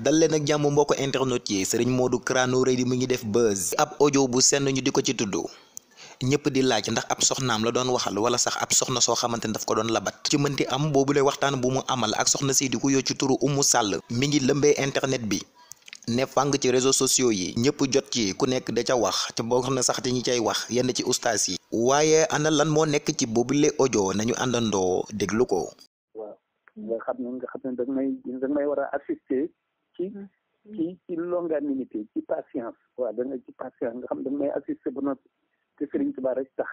dal leen ak jàmm mbokk internet yi Serigne Modou Kara Noreyni mu ngi def buzz ab audio bu senn ñu di ko ci tudd ñëpp di laaj ndax ab soxnaam la doon waxal wala sax ab soxna soo xamante ni daf ko doon labat ci mënti am boobu lay waxtaan bu mu amal ak soxna si di ko yoo ci turu Umu Sàll mi ngi lëmbee internet bi ne fàng ci réseaux sociaux yi ñëpp jot ci ku nekk da ca wax te boo xam ne sax te ñi cay wax yenn ci ustaas yi waaye ana lan moo nekk ci boobule audio nañu àndandoo déglu ko. ci ci ci longanimité ci patience waaw da nga ci patience nga xam da may assister ba noppi te Serigne Touba rek tax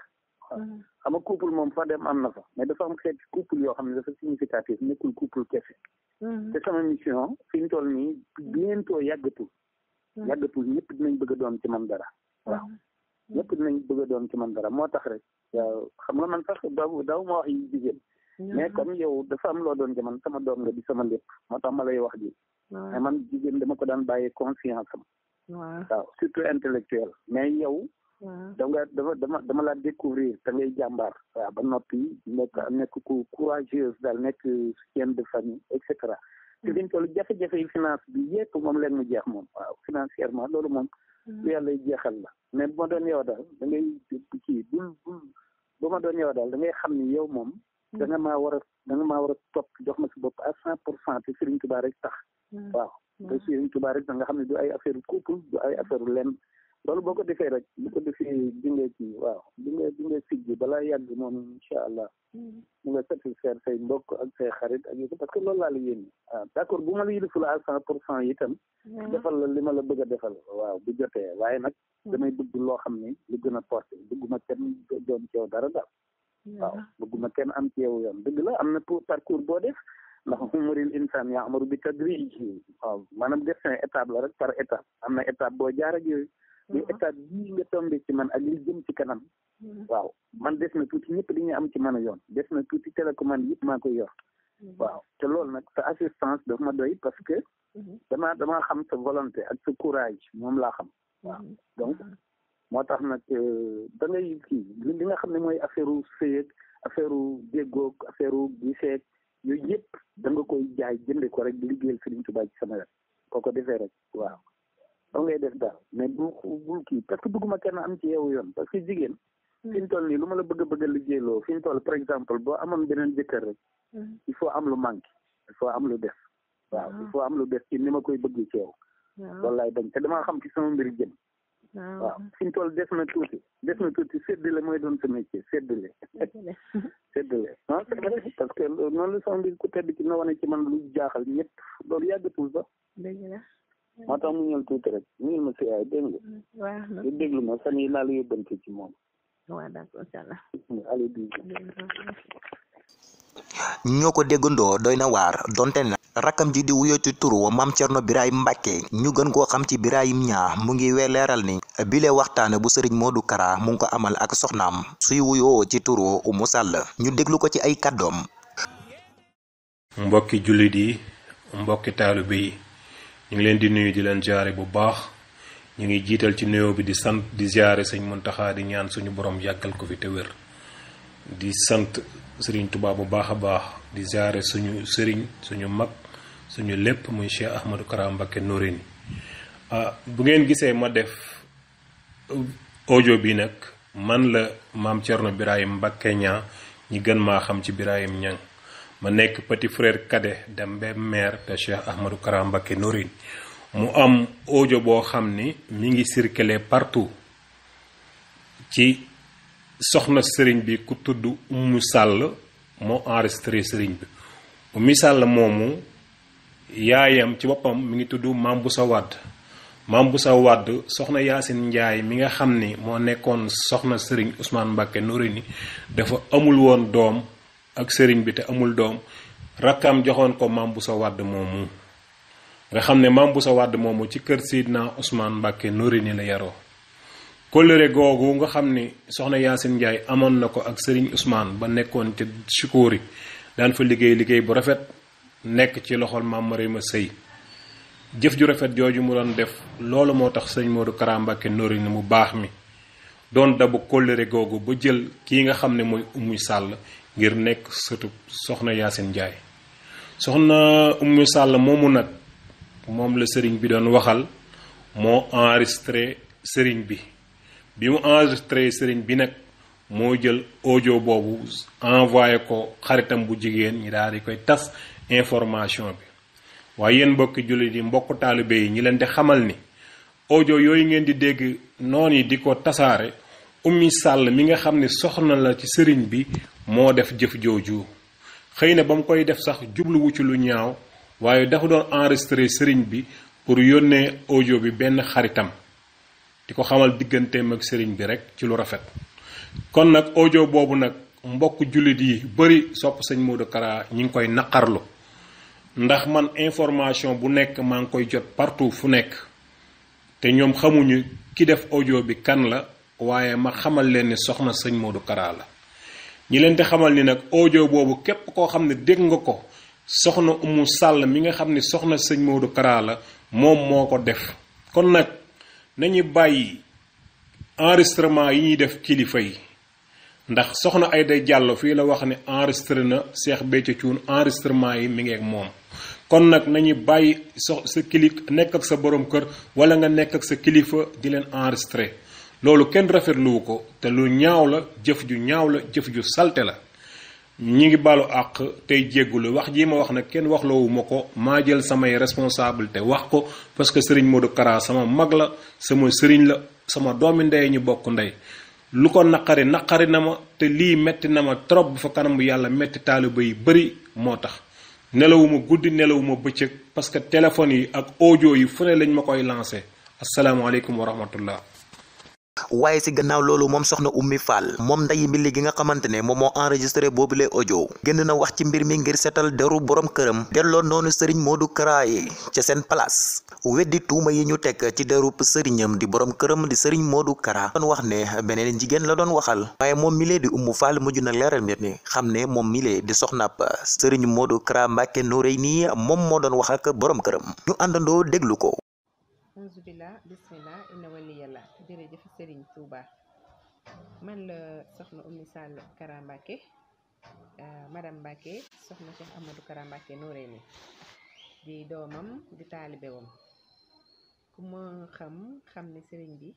waaw mm. xam nga couple moom fa dem am na fa mais dafa am xeeti couple yoo xam ne dafa significatif nekkul couple kese mm. te sama mission fi ñu toll nii bientôt yàggatul mm. yàggatul ñëpp dinañ bëgg doon ci man dara waaw ñëpp dinañ bëgg a doon ci man dara moo tax rek waaw xam nga man sax daaw daaw ma wax yi jigéen mais comme yow dafa am loo doon ci man sama doom nga bi sama lépp moo tax ma lay wax ji mais man jigéen dama ko daan bàyyee confiance am. waaw surtout intellectuel mais yow. da nga dafa dama dama laa découvrir te ngay jàmbaar. waaw ba noppi nekk nekk ko courageuse daal nekk soutien de famille et cetera. te liñ toll jafe-jafe finance bi yépp moom leen mu jeex moom. waaw financièrement loolu moom. Hmm. lu yàlla jeexal la. mais bu ma doon yow daal da ngay kii bul bul bu ma doon yow daal da ngay xam ni yow moom. Hmm. da maa war a da maa war a topp jox ma si bopp à cent pour cent te Serigne Touba rek tax. Hmm. waaw hmm. te Sëriñ Tuubaa rek da nga xam ne du ay affaire couple du ay affaire lenn loolu boo ko defee rek bu ko defee dinga ci waaw dinga dinga siggi balaa yàgg moom incha allah hmm. mu nga satisfaire say mbokk ak say xarit ak yooyu parce que loolu laa la yéene waaw ah, d' accord bu ma la yiliful san cent pour cent itam defal la li ma la bëgg a defal waaw bu jotee waaye nag damay bëgg loo xam ni lu gën a porté bëgguma kenn doon ci yow dara daal waaw bëgguma kenn am ci yoon dëgg la am na pour parcours boo def ndax umuril insaan yaamaru bi tadrijihi waaw maanaam destin étape la rek par étape am na étape boo jaar ak yooyu mais étape bii nga tombé ci man ak li jëm ci kanam hmm. waaw man des na tuuti ñëpp dañuy am ci mën a yoon des na tuuti télécommande yëpp maa koy yor hmm. waaw te loolu nag sa assistance daf ma doy parce que hmm. damaa damaa xam sa volonté ak sa courage moom laa xam waaw donc moo tax nag euh, da ngay kii li nga xam ne mooy affaire u sëyeeg affaire u déggoog affaire u giseeg yooyu yëpp da nga koy jaay jënde ko rek liggéeyal Serigne Touba ci sama wet boo ko defee rek waaw da ngay def daal mais bu bul kii parce que bëgguma kenn am ci yow yoon parce que jigéen hmm. fi ñu toll nii lu ma la bëgg bëgg a liggéeyloo fi ñu toll par exemple boo amoon beneen jëkkër rek hmm. il faut am lu manqué il faut am lu def waaw il ah. faut am lu def ci ni ma koy bëgg ci yow ah. loolu laay bañ te damaa xam ci sama mbir jëm ah. waaw fi ñu toll des na tuuti des na tuuti séddale mooy doon sa métier séddale séddale ah c'est vrai parce que noonu la sama na wane ci man lu jaaxal ñëpp loolu yàggatul sax. dëgg la. moo tax mu ñëw tuuti rek mu ñëw ma si yaay dégg nga. Mm-hmm. waaw lu déglu ma fan yii laa la yóbbante ci moom. waaw d'accord incha allah. ñoo ko déggandoo doy na waar donte na rakkam ji di wuyoo ci turu maam Cerno Birahim Mbàkke ñu gën koo xam ci Birahim Ñaa mu ngi we leeral ni bile waxtaane bu sëriñ du Kara mu ngi ko amal ak soxnaam suy wuyoo ci turu Umu Sàll ñu déglu ko ci ay kàddoom mbokki jullit yi mbokki taalibe bi ñu ngi leen di nuyu di leen jaare bu baax ñu ngi jiital ci nuyoo bi di sant di jaare sëñ Muntaxa di ñaan suñu borom yàggal ko fi te wér di sant sëriñ Tuubaa bu baax a baax di ziare suñu sëriñ suñu mag suñu lépp muy Cheikh Ahmadou Kara Mbacké Noreyni ah bu ngeen gisee ma def ojo bi nag man la maam Thierno Birahim Mbacké ñaa ñi gën maa xam ci Birahim Niang ma nekk petit frère kade de Mbembe maire de Cheikh Ahmadou Kara Mbacké mu am ojo boo xam ni mi ngi circuler partout ci soxna sëriñ bi ku tudd Oumou Sall moo enregistré sëriñ bi Oumou Sall moomu yaayam ci boppam mu ngi tudd Mame Boussa Wade bu sa wadd soxna Yacine Ndiaye mi nga xam ni moo nekkoon soxna sëriñ Ousmane Mbacké norini dafa amul woon doom ak sëriñ bi te amul doom rakkam joxoon ko Mame Boussa Wade moomu nga xam ne Mame Boussa Wade moomu ci kër siid naa Ousmane Mbacké Noreyni la yaroo kóllëre googu nga xam ni soxna Yacine Ndiaye amoon na ko ak sëriñ usmaan ba nekkoon ca Chikoori daan fa liggéey liggéey bu rafet nekk ci loxol Mame ma Sëy jëf ju rafet jooju mu doon def loolu moo tax sëñ Modou Kara Mbacké Noreyni baax mi doon dabu googu ba jël kii nga xam ne mooy Oumy Sall ngir nekk sëtu soxna Yacine njaay soxna Oumy Sall moomu nag moom la sëriñ bi doon waxal moo enregistré sëriñ bi bi mu enregistré sëriñ bi nag moo jël ojo boobu envoyé ko xaritam bu jigéen ñi daal di koy tas information bi waaye yéen mbokki jullit yi mbokk taalibe yi ñi leen di xamal ni ojo yooyu ngeen di dégg noon yi di ko tasaare ummi sàll mi nga xam ne soxna la ci sëriñ bi moo def jëf jooju xëy na ba mu koy def sax jubluwu ci lu ñaaw waaye dafa doon enregistré sëriñ bi pour yónnee ojo bi benn xaritam di ko xamal digganteem ak sëriñ bi rek ci lu rafet kon nag audio boobu nag mbokk jullit yi bëri sopp sëñ Modou Kara ñi ngi koy naqarlu ndax man information bu nekk maa ngi koy jot partout fu nekk te ñoom xamuñu ki def audio bi kan la waaye ma xamal leen ni soxna sëñ Modou Kara ñi leen di xamal ni nag audio boobu képp koo xam ne dégg nga ko soxna Umu Sàll mi nga xam ni soxna sëñ moodu karaa la moom moo ko def kon nag nañu bàyyi enregistrement yi ñuy def kilifa yi ndax soxna ay Aida Diallo fii la wax ne enregistré na Cheikh Béthio Thioune enregistrement yi mi ngi moom kon nag nañu bàyyi sox sa kilif nekk ak sa borom kër wala nga nekk ak sa kilifa di leen enregistré loolu kenn rafetluwu ko te lu ñaaw la jëf ju ñaaw la jëf ju salte la ñi ngi balu àq tey jéggulu wax jii ma wax na kenn waxloowu ma ko maa jël samay responsabilité wax ko parce que sëriñ du Kara sama mag la sama sëriñ la sama doomi ndey ñu bokk ndey lu ko naqari naqari na ma te lii metti na ma trop bu fa kanam yàlla metti taaliba yi bëri moo tax nelawuma guddi nelawuma bëccëg parce que téléphone yi ak audio yi fu ne lañ ma koy lancé asalaamaaleykum wa rahmatullah waaye si gannaaw loolu moom soxna Oumy Fall moom nday mbi li gi nga xamante ne moom moo enregistré boobu le audio génn na wax ci mbir mi ngir seetal deru borom këram delloo noonu sëriñ Modou Kara yi ca seen place weddi tuuma yi ñu teg ci derub sëriñam di borom këram di sëriñ moodu Kara doon wax ne beneen jigéen la doon waxal waaye moom milee di Oumy Fall mujj na leeral mbir ni xam ne moom milee di soxnaab sëriñ Modou Kara Mbacke Noreyni moom moo doon wax ak borom këram ñu àndandoo déglu ko sëriñ Touba man la soxna Oumy Sall Kara Mbacké euh, madame Mbacké soxna Cheikh Amadou Kara Mbacké di doomam di taalibewam ku ma xam xam ne sëriñ bi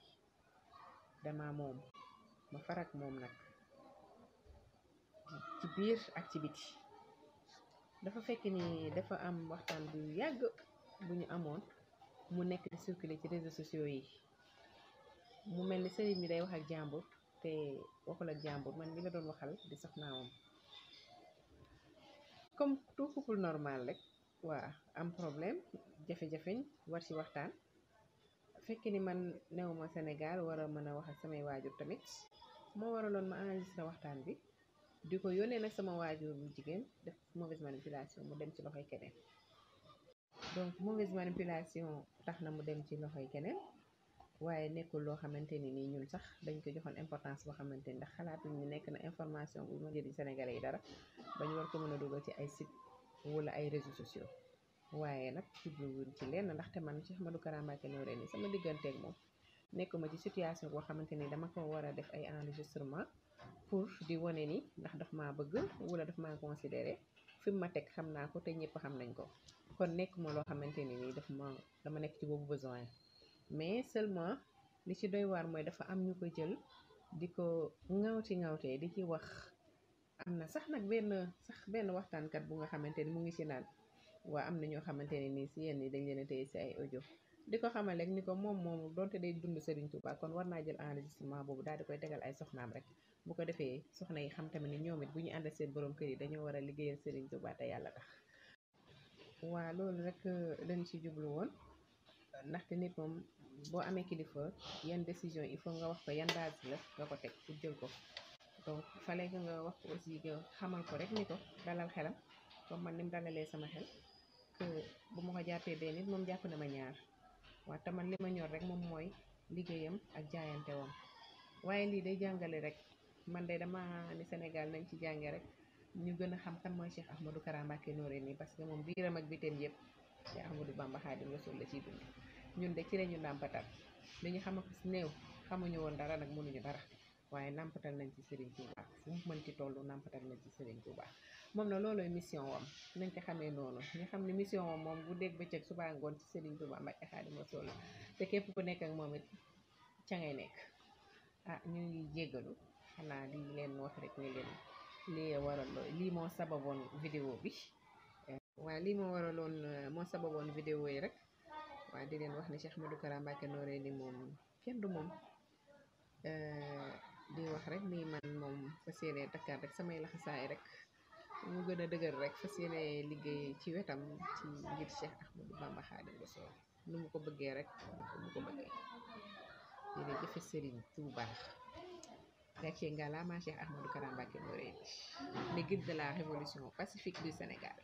dama moom ma farak moom nag ci biir ak ci biti dafa fekk ni dafa am waxtaan bu yàgg bu ñu amoon mu nekk di circuler ci réseaux sociaux yi mu mel ni sëriñ bi day wax ak jàmbur te waxul ak jàmbur man mi la doon waxal di soxnaawam comme tout couple normal rek waa am problème jafe-jafeñ war ci waxtaan fekk ni man newuma Sénégal war a mën a wax samay waajur tamit moo waraloon ma enregistré waxtaan bi di ko yónnee nag sama waajur bu jigéen def mauvaise manipulation mu dem ci loxoy keneen donc mauvaise manipulation tax na mu dem ci loxoy keneen waaye nekkul loo xamante ni nii ñun sax dañ ko joxoon importance boo xamante ni ndax xalaat ñu nekk na information bu ma jëriñ Sénégalais yi dara bañ war ko mën a dugal ci ay site wala ay réseaux sociaux waaye nag jubluwuñ ci lenn ndaxte man Cheikh Ahmadou Kara Mbacké Noreyni sama digganteeg moom nekkuma ci situation boo xamante ni dama ko war a def ay enregistrement pour di wane ni ndax daf maa bëgg wala daf ma considéré fi mu ma teg xam naa ko te ñëpp xam nañ ko kon nekkuma loo xamante ni nii daf ma dama nekk ci boobu besoin mais seulement li ci doy waar mooy dafa am ñu ko jël di ko ŋawti ŋawtee di ci wax am na sax nag benn sax benn waxtaankat bu nga xamante ni mu ngi ci naan waa am na ñoo xamante ne nii si yenn yi dañ leen a téye si ay audio di ko xamal rek ni ko moom moom donte day dund Serigne Touba kon war naa jël enregistrement boobu daal di koy tegal ay soxnaam rek bu ko defee soxna yi xam tamit ni ñoom it bu ñu ànd seen borom kër yi dañoo war a liggéeyal Serigne Touba te yàlla tax waa boo amee kilifa yan décision il faut nga wax ko yan base la nga ko teg pour jël ko donc fallait que nga wax ko aussi nga xamal ko rek ni ko dalal xelam comme man ni mu dalalee sama xel que bu ma ko jàppee benn nit moom jàpp na ma ñaar waaw man li ma ñor rek moom mooy liggéeyam ak jaayante woon waaye lii day jàngale rek man de dama ni Sénégal nañ ci jànge rek ñu gën a xam kan mooy Cheikh Ahmadou Kara Mbacké Noreyni parce que moom biiram ak biteen yëpp Cheikh Ahmadou Bamba Xaadimu Rasuul la ciy ñun de ci la ñu nàmpatal li ñu xam néew xamuñu woon dara nag mënuñu dara waaye nàmpatal nañ ci Serigne Touba fu mu mën ci toll nàmpatal nañ ci Serigne Touba moom na loolooy mission wam nañ ko xamee noonu ñu xam ne mission moom bu dégg bëccëg subaa ngoon ci Serigne Touba Mbacke Xaadimu Rasuul te képp ku nekk moom it ca ngay nekk ah ñu ngi jéggalu xanaa di leen wax rek ne leen lii waral lii moo sababoon vidéo bi eh, waaw lii moo waraloon moo sababoon vidéo yi rek waaye di leen wax ne ma du Kara Mbacké ni moom kenn du moom eh, di wax rek ni man moom fas yéene takkaat rek samay laxasaay rek mu gën a dëgër rek fas yéene liggéey ci wetam ci ngir Cheikh Ahmadou Bamba Khadim nu mu ko bëggee rek nu mu ko bëggee yéene jëfe sëriñ Tuuba gàcce ngalaama Cheikh Ahmadou Kara Mbacké Noreyni le guide de la révolution pacifique du Sénégal